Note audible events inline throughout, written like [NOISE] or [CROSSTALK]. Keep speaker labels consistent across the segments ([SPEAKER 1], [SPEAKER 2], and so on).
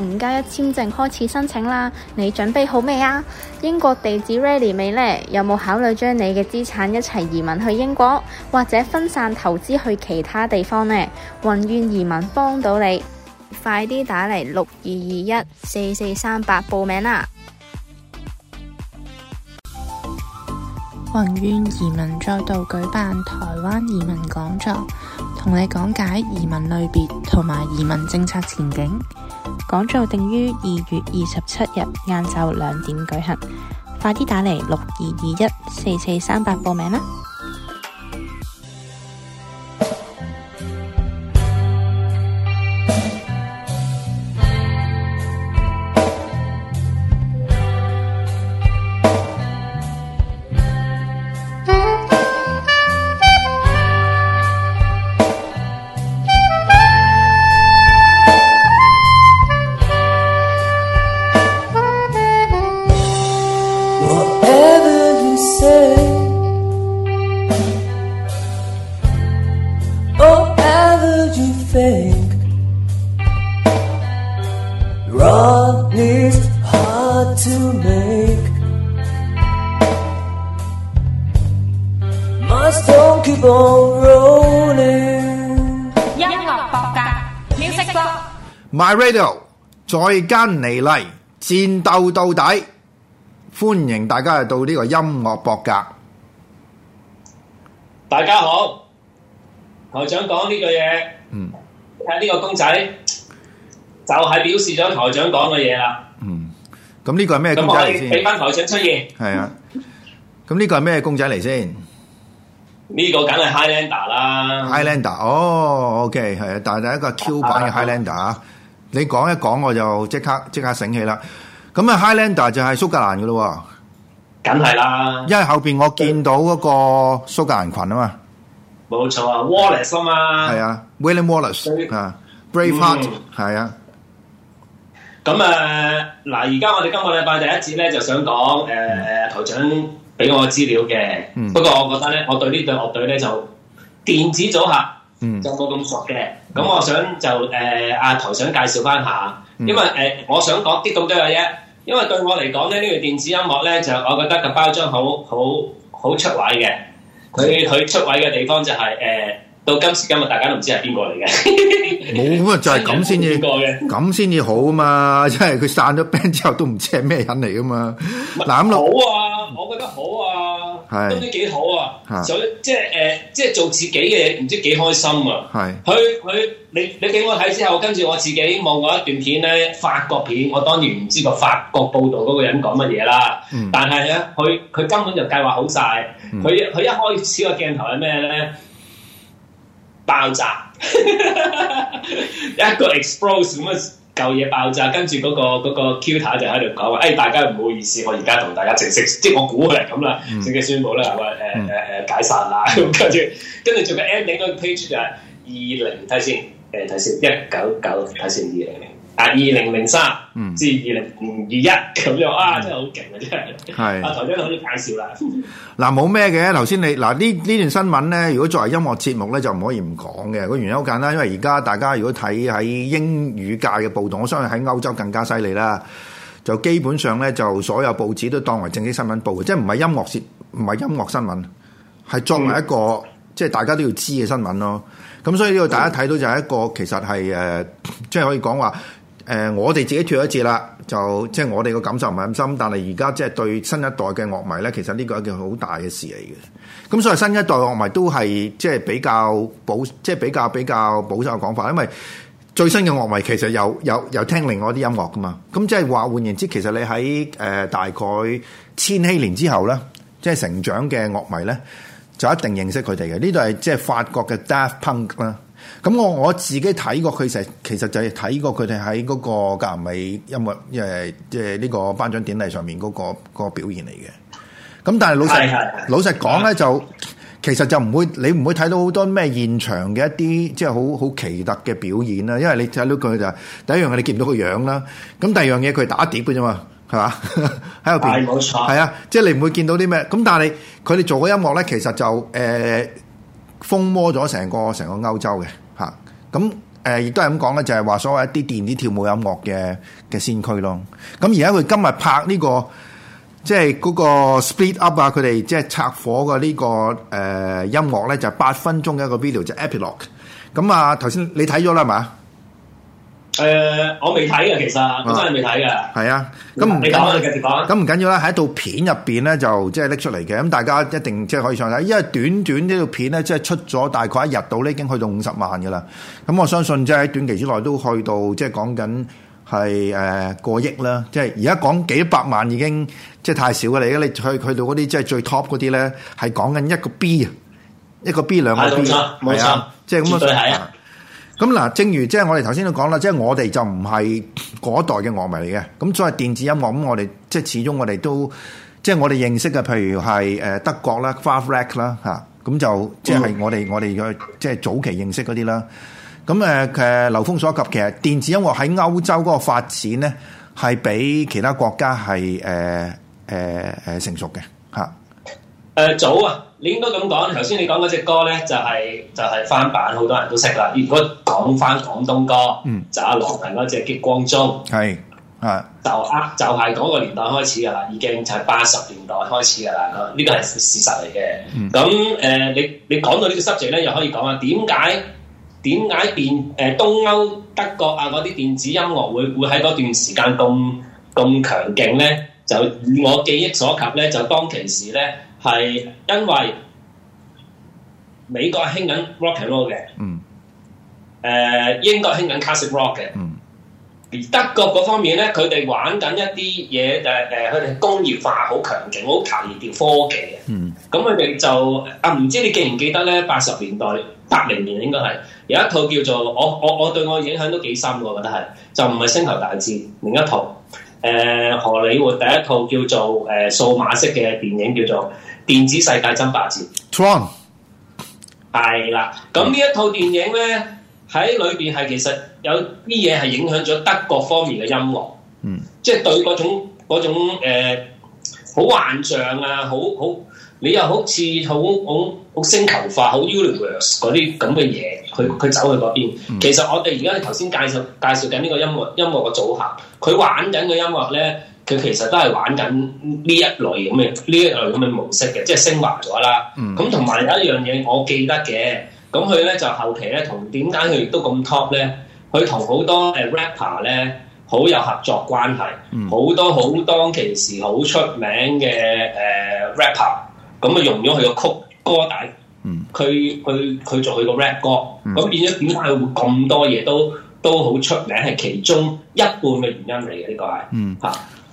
[SPEAKER 1] 五加一簽證開始申請啦，你準備好未啊？英國地址 ready 未呢？有冇考慮將你嘅資產一齊移民去英國，或者分散投資去其他地方呢？宏願移民幫到你，快啲打嚟六二二一四四三八報名啦！
[SPEAKER 2] 宏
[SPEAKER 1] 願移民再度舉辦台灣移民講座。同你講解移民類別同埋移民政策前景，講座定於二月二十七日晏晝兩點舉行，快啲打嚟六二二一四四三八
[SPEAKER 2] 報名啦！My Radio 再奸尼麗戰鬥到底，歡迎大家嚟到呢個音樂博格。大家好，
[SPEAKER 1] 台長講呢句嘢，嗯，睇下呢個公仔就係表示咗台長講嘅嘢啦。
[SPEAKER 2] 嗯，咁呢個係咩公仔嚟先？俾翻台長出現。係啊，咁、這、呢個係咩公仔嚟先？
[SPEAKER 1] 呢個
[SPEAKER 2] 梗係 Highlander 啦，Highlander 哦、oh,，OK 係啊，但係第一個 Q 版嘅 Highlander 啊， [LAUGHS] 你講一講我就即刻即刻醒起啦。咁啊，Highlander 就係蘇格蘭噶咯，梗係啦，因為後邊我見到嗰個蘇格蘭群的啊嘛，冇
[SPEAKER 1] 錯啊，Wallace 啊嘛，係啊
[SPEAKER 2] ，William Wallace 啊，Braveheart 係啊。咁啊，嗱，而家我哋今個禮拜第一節咧，就想講誒，
[SPEAKER 1] 頭長。俾我資料嘅，嗯、不過我覺得咧，我對呢隊樂隊咧就電子組合就冇咁熟嘅。咁、嗯、我想就誒、呃、阿頭想介紹翻下，因為誒、呃、我想講啲咁多嘢，因為對我嚟講咧，呢個電子音樂咧就我覺得個包裝好好好出位嘅。佢佢出位嘅地方就係、是、誒、呃、到今時今日大家都唔知係邊個嚟嘅。
[SPEAKER 2] 冇咁啊，就係咁先至，嘅的。咁先至好啊嘛，即係佢散咗 band 之後都唔知係咩人嚟噶嘛。嗱咁好啊。我
[SPEAKER 1] 覺得好啊，是都唔知幾好啊，所以、啊、即係誒、呃，即係做自己嘅嘢，唔知幾開心啊！佢佢是你你俾我睇之後，跟住我自己望過一段片咧，法國片，我當然唔知個法國報道嗰個人講乜嘢啦，嗯、但係咧，佢佢根本就計劃好晒。佢佢、嗯、一開始個鏡頭係咩咧？爆炸， [LAUGHS] 一個 explosion 模式。舊嘢爆炸，跟住嗰個 Q 塔、嗰個 er、就喺度講話，誒、哎、大家唔好意思，我而家同大家正式，即係我估係咁啦，正式、嗯、宣布啦，話誒誒誒解散啦，跟 [LAUGHS] 住，跟住仲有 ending 嗰個 page 就係二零睇先，誒睇、呃、先一九九睇先二零零。20. 二零零三至二零二一咁樣是 [LAUGHS] 啊，真係
[SPEAKER 2] 好勁啊！真係，啊頭先都好似介紹啦。嗱，冇咩嘅。頭先你嗱，呢呢段新聞咧，如果作為音樂節目咧，就唔可以唔講嘅。個原因好簡單，因為而家大家如果睇喺英語界嘅報道，我相信喺歐洲更加犀利啦。就基本上咧，就所有報紙都當為正式新聞報嘅，即係唔係音樂事，唔係音樂新聞，係作為一個、嗯、即係大家都要知嘅新聞咯。咁所以呢個大家睇到就係一個其實係誒、呃，即係可以講話。誒、呃，我哋自己脱一次啦，就即係我哋個感受唔係咁深，但係而家即係對新一代嘅樂迷咧，其實呢個係一件好大嘅事嚟嘅。咁所以新一代嘅樂迷都係即係比較保，即係比較比較，比較保守嘅講法，因為最新嘅樂迷其實有有有，有聽另外啲音樂㗎嘛。咁即係話換言之，其實你喺誒、呃、大概千禧年之後咧，即係成長嘅樂迷咧，就一定認識佢哋嘅。呢度係即係法國嘅 Daft Punk 啦。咁我我自己睇過佢成，其實就係睇過佢哋喺嗰個格蘭美音樂誒，即係呢個頒獎典禮上面嗰、嗰個嗰個表現嚟嘅。咁但係老實、哎哎、老實講咧，就其實就唔會你唔會睇到好多咩現場嘅一啲即係好好奇特嘅表演啦。因為你睇到佢就係、第一樣嘢，你見唔到個樣啦。咁第二樣嘢，佢打碟嘅啫嘛，係嘛？喺入邊冇錯、係啊，即、就、係、係、你唔會見到啲咩。咁但係佢哋做嘅音樂咧，其實就誒風、呃、魔咗成個成個歐洲嘅。咁誒亦都係咁講咧，就係、是、話所謂一啲電子跳舞音樂嘅嘅先驅咯。咁而家佢今日拍呢、這個，即、就、係、是、個 split up 啊，佢哋即係拆火嘅呢、這個誒、呃、音樂咧，就係八分鐘嘅一個 video，就 epilogue、嗯。咁、嗯、啊，頭先你睇咗啦，係嘛？
[SPEAKER 1] 誒，uh, 我未睇嘅，
[SPEAKER 2] 其實我真，真係未睇嘅。係啊，咁唔、啊、緊要，繼啦，喺一套片入邊咧，就即係拎出嚟嘅。咁大家一定即係可以上睇，因為短短呢套片咧，即係出咗大概一日到咧，已經去到五十萬嘅啦。咁我相信即係喺短期之內都去到即係講緊係誒過億啦。即係而家講幾百萬已經即係太少嘅你，因為你去去到嗰啲即係最 top 嗰啲咧，係講緊一個 B，啊，一個 B 兩個 B 嘅，即係咁啊。咁嗱，正如即係我哋頭先都講啦，即係我哋就唔係嗰代嘅樂迷嚟嘅，咁所以作為電子音樂，咁我哋即係始終我哋都即係我哋認識嘅，譬如係誒德國啦，Farfret 啦吓，咁就、啊、即係我哋我哋嘅即係早期認識嗰啲啦。咁、啊、誒，誒流風所及其實電子音樂喺歐洲嗰個發展咧，係比其他國家係誒誒誒成熟嘅。
[SPEAKER 1] 誒早啊！你應該咁講。頭先你講嗰隻歌咧、就是，就係就係翻版，好多人都識啦。如果講翻廣東歌，嗯，就阿羅文嗰隻激光中，
[SPEAKER 2] 係啊，
[SPEAKER 1] 就啊就係、是、嗰個年代開始噶啦，已經就係八十年代開始噶啦。呢個係事實嚟嘅。咁誒、嗯呃，你你講到個呢個濕字咧，又可以講下點解點解電誒、呃、東歐德國啊嗰啲電子音樂會會喺嗰段時間咁咁強勁咧？就以我記憶所及咧，就當其時咧。係因為美國興緊 rock and roll 嘅，誒英國興緊 classic rock 嘅，嗯、而德國嗰方面咧，佢哋玩緊一啲嘢誒誒，佢、呃、哋工業化好強勁，好強調科技嘅。咁佢哋就啊，唔知你記唔記得咧？八十年代八零年應該係有一套叫做，我我我對我影響都幾深，我覺得係就唔係星球大戰，另一套誒、呃、荷里活第一套叫做誒數碼式嘅電影，叫做影。叫做電子世界爭霸
[SPEAKER 2] 戰。Tron
[SPEAKER 1] 係啦，咁 [NOISE] 呢一套電影咧喺裏邊係其實有啲嘢係影響咗德國方面嘅音樂，嗯，即 [NOISE] 係對嗰種嗰種、呃、好幻象啊，好好你又好似好好好星球化好 universe 嗰啲咁嘅嘢，佢佢走去嗰邊。 [NOISE] 其實我哋而家頭先介紹介紹緊呢個音樂音樂嘅組合，佢玩緊嘅音樂咧。佢其實都係玩緊呢一類咁嘅呢一類咁嘅模式嘅，即係升華咗啦。咁同埋有一樣嘢，我記得嘅，咁佢咧就後期咧同點解佢亦都咁 top 咧？佢同好多誒 rapper 咧好有合作關係，好、嗯、多好多當其時好出名嘅誒、呃、rapper，咁啊用咗佢個曲歌底，佢佢佢做佢個 rap 歌，咁、嗯、變咗點解佢會咁多嘢都都好出名？係其中一半嘅原因嚟嘅，呢個係
[SPEAKER 2] 嚇。嗯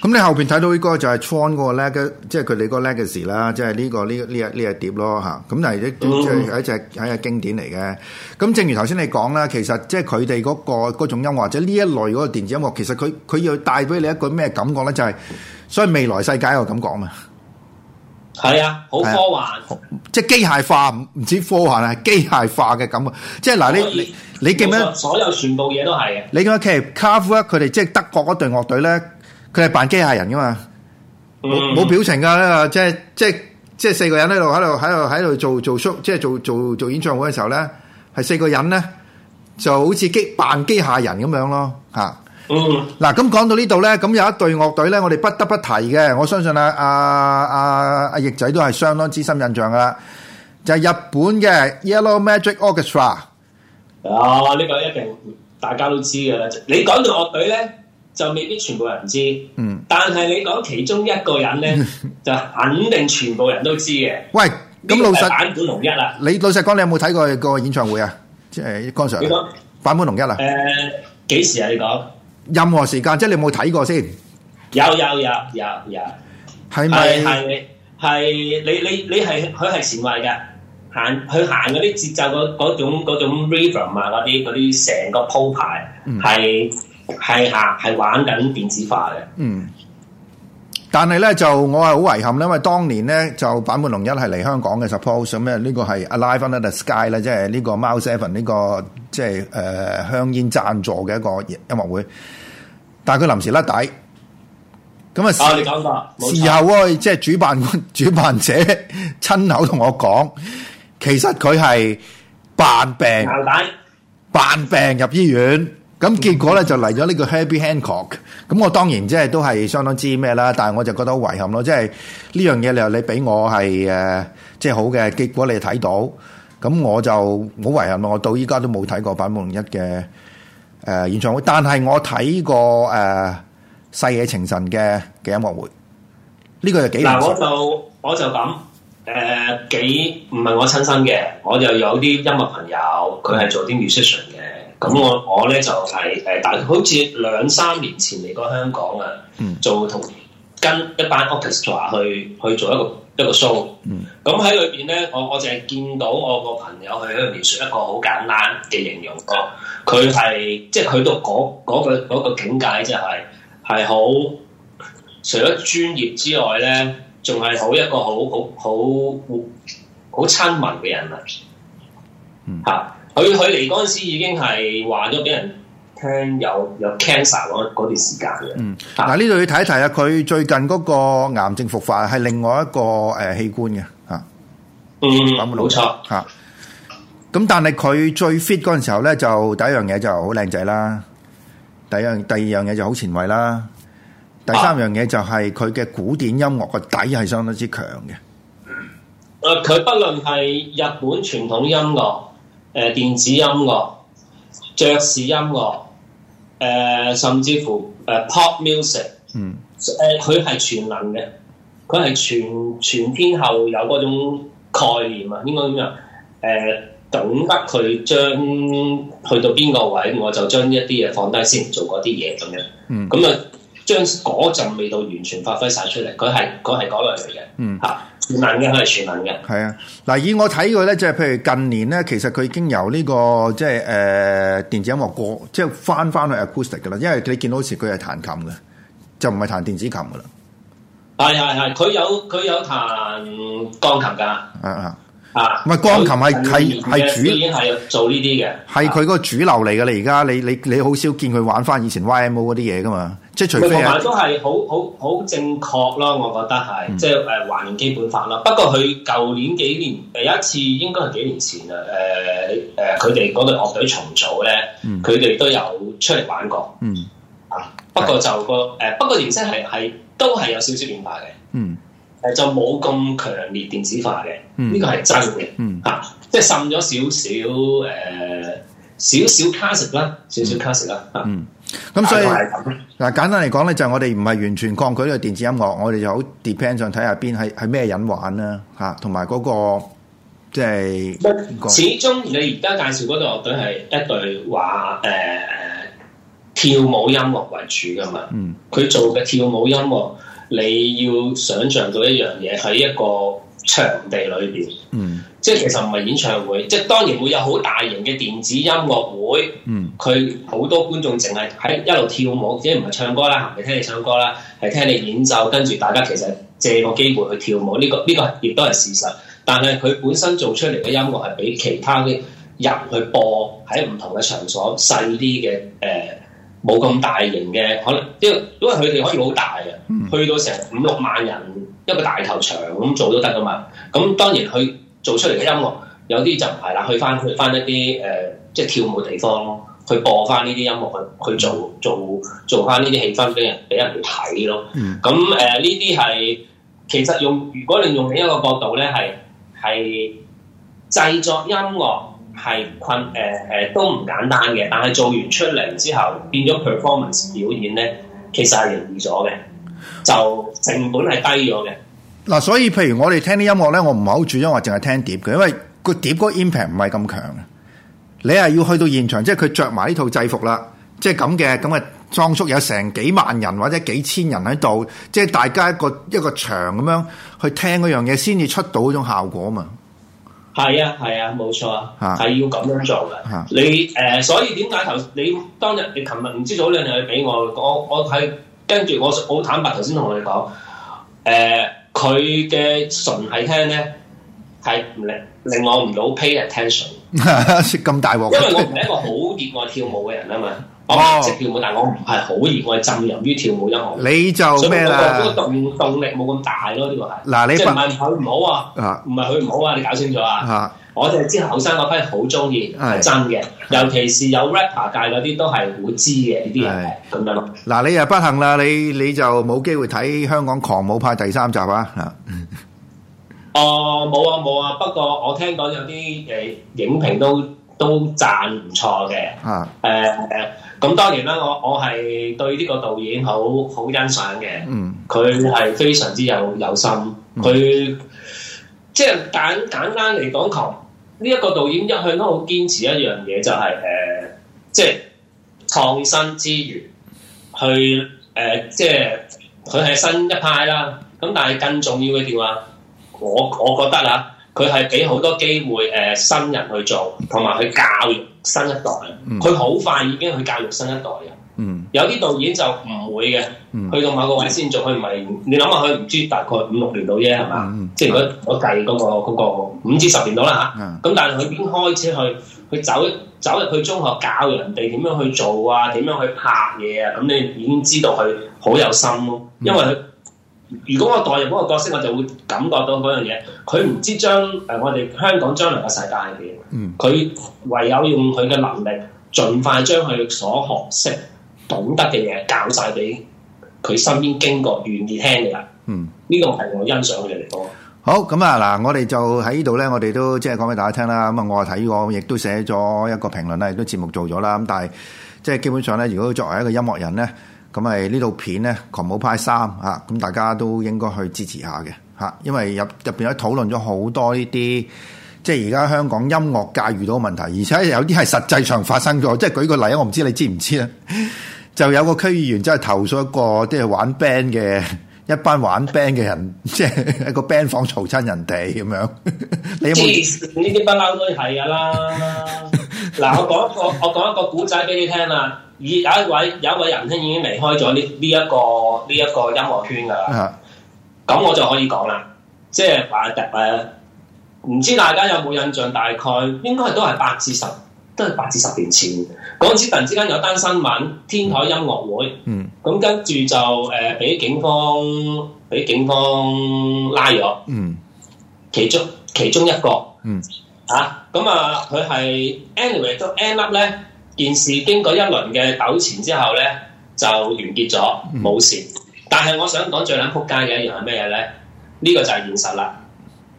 [SPEAKER 2] 咁你後邊睇到呢個就係 Tron 嗰個 Legacy，即係佢哋嗰個 Legacy 啦，即係呢個呢呢一呢一碟咯嚇。咁係一隻係一隻經典嚟嘅。咁正如頭先你講咧，其實即係佢哋嗰個嗰種音樂或者呢一類嗰個電子音樂，其實佢佢要帶俾你一個咩感覺咧？就係所以未來世界個感覺嘛。係啊，好科幻，即係機械化，唔唔止科幻係機械化嘅感覺。即係嗱，你你你記唔記得？所有全部嘢都係嘅。你講 Kraftwerk，佢哋即係德國嗰隊樂隊咧。佢係扮機械人噶嘛，冇冇表情噶，即係即係即係四個人喺度喺度喺度喺度做做 show，即係做做做演唱會嘅時候咧，係四個人咧就好似機扮機械人咁樣咯，吓、嗯。嗱咁講到呢度咧，咁有一隊樂隊咧，我哋不得不提嘅，我相信啊啊啊阿翼仔都係相當之深印象噶啦，就係、是、日本嘅 Yellow Magic Orchestra。啊、哦，呢、這個一定大家都知噶啦。你講
[SPEAKER 1] 到樂隊咧？就未必全部人知，嗯。但係你講其中一個人咧， [LAUGHS] 就肯定全部人都知嘅。喂，
[SPEAKER 2] 咁老實，坂本龍一啦。你老實講，你有冇睇過個演唱會啊？即係江 Sir 你說。你講坂本龍一啊？誒、呃，
[SPEAKER 1] 幾時啊？你講
[SPEAKER 2] 任何時間，即係你有冇睇過先？有有有
[SPEAKER 1] 有有。係咪？係係你你你係佢係前衞嘅，行佢行嗰啲節奏嗰嗰種嗰種 rhythm 啊，嗰啲嗰啲成個鋪排係。是係吓，係、啊、玩
[SPEAKER 2] 緊電子化嘅。嗯，但係咧就我係好遺憾，因為當年咧就坂本龍一係嚟香港嘅。Suppose 咩？呢個係 Alive Under the Sky 啦，這個，即係呢個 Mild Seven 呢個即係誒香煙贊助嘅一個音樂會。但係佢臨時甩底，
[SPEAKER 1] 咁啊事後
[SPEAKER 2] 啊，時後即係主辦主辦者親口同我講，其實佢係扮病，扮底病入醫院。咁、嗯、結果咧 [MUSIC] 就嚟咗呢個 Herbie Hancock，咁我當然即、就、係、是、都係相當知咩啦，但係我就覺得好遺憾咯，即係呢樣嘢你話你俾我係誒、呃、即係好嘅結果你睇到，咁我就好遺憾咯，我到依家都冇睇過版本一嘅誒演唱會，但係我睇過誒細野晴臣嘅嘅音樂會呢、這個就幾難。嗱我
[SPEAKER 1] 就我就咁誒、呃、幾唔係我親身嘅，我就有啲音樂朋友，佢係做啲 musician 嘅。咁、嗯、我我咧就係誒，但好似兩三年前嚟過香港啊，做同、嗯、跟一班 orchestra 去去做一個一個 show、嗯。咁喺裏邊咧，我我淨係見到我個朋友去喺度描述一個好簡單嘅形容歌，佢係即係佢到嗰、嗰、嗰、個嗰個嗰個境界、就係，就係係好除咗專業之外咧，仲係好一個好好好好親民嘅人、嗯、啊！嚇～佢佢嚟嗰陣時已經係話咗俾人聽有有 cancer 嗰段時間
[SPEAKER 2] 嘅。嗯，嗱呢度要提一提啊，佢、啊、最近嗰個癌症復發係另外一個誒、呃、器官嘅
[SPEAKER 1] 吓。啊、嗯，冇錯
[SPEAKER 2] 吓。咁錯、啊、但係佢最 fit 嗰陣時候咧，就第一樣嘢就好靚仔啦，第二第二樣嘢就好前衛啦，第三樣嘢就係佢嘅古典音樂個底係相當之強嘅。誒、啊，
[SPEAKER 1] 佢、啊、不論係日本傳統音樂。誒電子音樂、爵士音樂，誒、呃、甚至乎誒、啊、pop music，嗯、呃，誒佢係全能嘅，佢係全全天候有嗰種概念啊，應該咁樣。誒、呃、懂得佢將去到邊個位，我就將一啲嘢放低先，做嗰啲嘢咁樣，嗯樣，咁啊將嗰陣味道完全發揮晒出嚟，佢係佢係嗰類嚟嘅，嗯，嚇。
[SPEAKER 2] 全能嘅，佢係全能嘅。係啊，嗱，以我睇佢咧，即係譬如近年咧，其實佢已經由呢、呢個即係誒電子音樂過，即係翻翻去 acoustic 噶啦。因為你見到以前佢係彈琴嘅，就唔係彈電子琴嘅啦。
[SPEAKER 1] 係係係，
[SPEAKER 2] 佢有佢有彈鋼琴噶。嗯嗯啊，唔係鋼、啊、琴係係係主要做呢啲
[SPEAKER 1] 嘅，
[SPEAKER 2] 係佢個主流嚟嘅。你而家你你你好少見佢玩翻以前 YMO 嗰啲嘢噶嘛？咪同埋都係
[SPEAKER 1] 好好好正確咯，我覺得係，嗯、即係誒還原基本法咯。不過佢舊年幾年誒有、呃、一次，應該係幾年前啦。誒、呃、誒，佢哋嗰隊樂隊重組咧，佢哋都有出嚟玩過。嗯啊，不過就個誒的、呃，不過其實係係都係有少少變化嘅。嗯誒，就冇咁強烈電子化嘅。呢個係真嘅。嗯啊，即係滲咗少少誒，少少 classic 啦，少少 classic 啦。嗯。
[SPEAKER 2] 咁、嗯、所以嗱，簡單嚟講咧，就是，我哋唔係完全抗拒呢個電子音樂，我哋就好 depend 上睇下邊係係咩人玩啦，吓、啊，同埋嗰個即係、就是那個，始終
[SPEAKER 1] 你而家介紹嗰對樂隊係一對話誒跳舞音樂為主噶嘛，嗯，佢做嘅跳舞音樂，你要想象到一樣嘢喺一個場地裏邊，嗯。即係其實唔係演唱會，即係當然會有好大型嘅電子音樂會。嗯，佢好多觀眾淨係喺一路跳舞，即係唔係唱歌啦，唔係聽你唱歌啦，係聽你演奏，跟住大家其實借個機會去跳舞。呢個呢個亦都係事實。但係佢本身做出嚟嘅音樂係畀其他嘅人去播，喺唔同嘅場所，細啲嘅誒，冇咁大型嘅可能。因為因為佢哋可以好大嘅，去到成五六萬人一個大球場咁做都得㗎嘛。咁當然佢做出嚟嘅音樂，有啲就唔係啦，去翻去翻一啲誒、呃，即係跳舞地方咯，去播翻呢啲音樂去去做做做翻呢啲氣氛俾人俾人哋睇咯。咁誒呢啲係其實用如果你用另一個角度咧，係係製作音樂係困誒誒都唔簡單嘅，但係做完出嚟之後變咗 performance 表演咧，其實係容易咗嘅，就成本係低咗嘅。
[SPEAKER 2] 嗱、啊，所以譬如我哋聽啲音樂咧，我唔係好主張話淨係聽碟嘅，因為個碟，個 impact 唔係咁強。你係要去到現場，即係佢着埋呢套制服啦，即係咁嘅咁嘅裝束，有成幾萬人或者幾千人喺度，即係大家一個一個場咁樣去聽嗰樣嘢，先至出到嗰種效果嘛。係啊，係啊，冇錯啊，
[SPEAKER 1] 係要咁樣做嘅。你誒、呃，所以點解頭你當日你琴日唔知道你兩樣俾我？我我係跟住我好坦白，頭先同你講誒。佢嘅純係聽咧，係令令我唔到 pay attention。
[SPEAKER 2] 咁 [LAUGHS] 大鑊，因為我唔
[SPEAKER 1] 係一個好熱愛跳舞嘅人啊嘛。 [LAUGHS] 我識跳舞， [LAUGHS] 但係我唔係好熱愛浸淫於跳舞音樂。
[SPEAKER 2] 你就做咩啦？嗰個
[SPEAKER 1] 動,動力冇咁大咯，呢個係。嗱，你即係唔係佢唔好啊？唔係佢唔好啊？你搞清楚啊？ [LAUGHS] [LAUGHS] 我哋知後生嗰批好中意，係是真嘅。尤其是有 rapper 界嗰啲都係會知嘅呢啲人。咁是樣
[SPEAKER 2] 嗱，你又不幸啦，你你就冇機會睇香港狂舞派第三集、嗯 [LAUGHS] 哦、啊！
[SPEAKER 1] 啊，哦，冇啊，冇啊。不過我聽講有啲誒影評都都讚唔錯嘅。啊，誒咁、呃、當然啦，我我係對呢個導演好好欣賞嘅。嗯，佢係非常之有有心，佢、嗯、即係簡簡單嚟講，狂。呢一個導演一向都好堅持一樣嘢，就係、是、誒、呃，即係創新之餘，去誒、呃，即係佢係新一派啦。咁但係更重要嘅點啊，我我覺得啊，佢係俾好多機會誒、呃、新人去做，同埋去教育新一代。佢好快已經去教育新一代人。嗯，有啲導演就唔會嘅，嗯、去到某個位先做，佢唔係你諗下，佢唔知大概五六年到啫，係嘛、嗯？吧即係我我計嗰、嗰個五、嗰個、至十年到啦嚇。咁、嗯、但係佢已經開始去，去走走入去中學教人哋點樣去做啊，點樣去拍嘢啊，咁你已經知道佢好有心咯、啊。因為佢如果我代入嗰個角色，我就會感覺到嗰樣嘢。佢唔知將誒我哋香港將來嘅世界係點，佢、嗯、唯有用佢嘅能力，盡快將佢所學識，懂得嘅嘢，搞晒俾佢身邊經過願意聽嘅啦。嗯，
[SPEAKER 2] 呢個係我欣賞嘅地方。好，咁啊，嗱，我哋就喺呢度咧，我哋都即係講俾大家聽啦。咁啊，我睇過，亦都寫咗一個評論啦，亦都節目做咗啦。咁但係即係基本上咧，如果作為一個音樂人咧，咁係呢套片咧《狂舞派三》啊，咁大家都應該去支持下嘅嚇，啊，因為入入邊咧，討論咗好多呢啲，即係而家香港音樂界遇到嘅問題，而且有啲係實際上發生咗。即係舉個例啊，我唔知你知唔知咧。 [LAUGHS] 就有個區議員真係投訴一個即係玩 band 嘅一班玩 band 嘅人，即係一個 band 房嘈親人哋咁樣。呢
[SPEAKER 1] 啲不嬲都係㗎啦。嗱， [LAUGHS] 我講一個我講一個古仔俾你聽啦。已有一位有一個人已經已經離開咗呢呢一個呢一個音樂圈㗎啦。咁、啊、我就可以講啦，即係話誒，唔、呃、知大家有冇印象？大概應該都係百至十。都係八至十年前嗰陣時，突、那、然、個、之間有單新聞，天台音樂會，咁、嗯、跟住就誒俾、呃、警方俾警方拉咗，嗯、其中其中一個，嗯、啊咁啊佢係 anyway 都 end up 咧，件事經過一輪嘅糾纏之後咧就完結咗，冇事。嗯、但係我想講最撚撲街嘅一樣係咩嘢咧？呢、這個就係現實啦。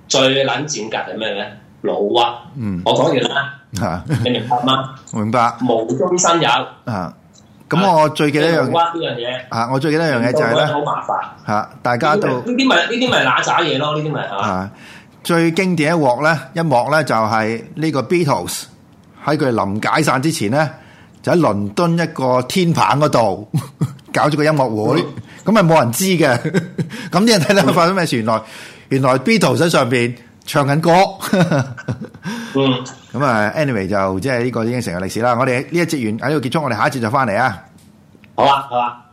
[SPEAKER 1] 最撚賤格係咩咧？老屈、啊，
[SPEAKER 2] 嗯、我講完啦。吓，你明白嗎？明白，無中生有。吓，咁我最記得一樣，呢
[SPEAKER 1] 樣嘢。
[SPEAKER 2] 吓、嗯，我最記得一樣嘢就係、是、咧，好麻煩。吓、嗯，大家都呢啲
[SPEAKER 1] 咪呢啲咪乸渣嘢咯？呢啲咪吓。
[SPEAKER 2] 最經典一鑊咧，一幕咧就係呢個 Beatles 喺佢臨解散之前咧，就喺倫敦一個天棚嗰度搞咗個音樂會，咁咪冇人知嘅。咁 [LAUGHS] 啲人睇到發生咩事是原？原來原來 Beatles 喺上邊。唱緊歌， [LAUGHS] 嗯，咁啊，anyway 就即係呢個已經成為歷史啦。我哋呢一節完喺呢度結束，我哋下一節就翻嚟啊。好啊，好啊。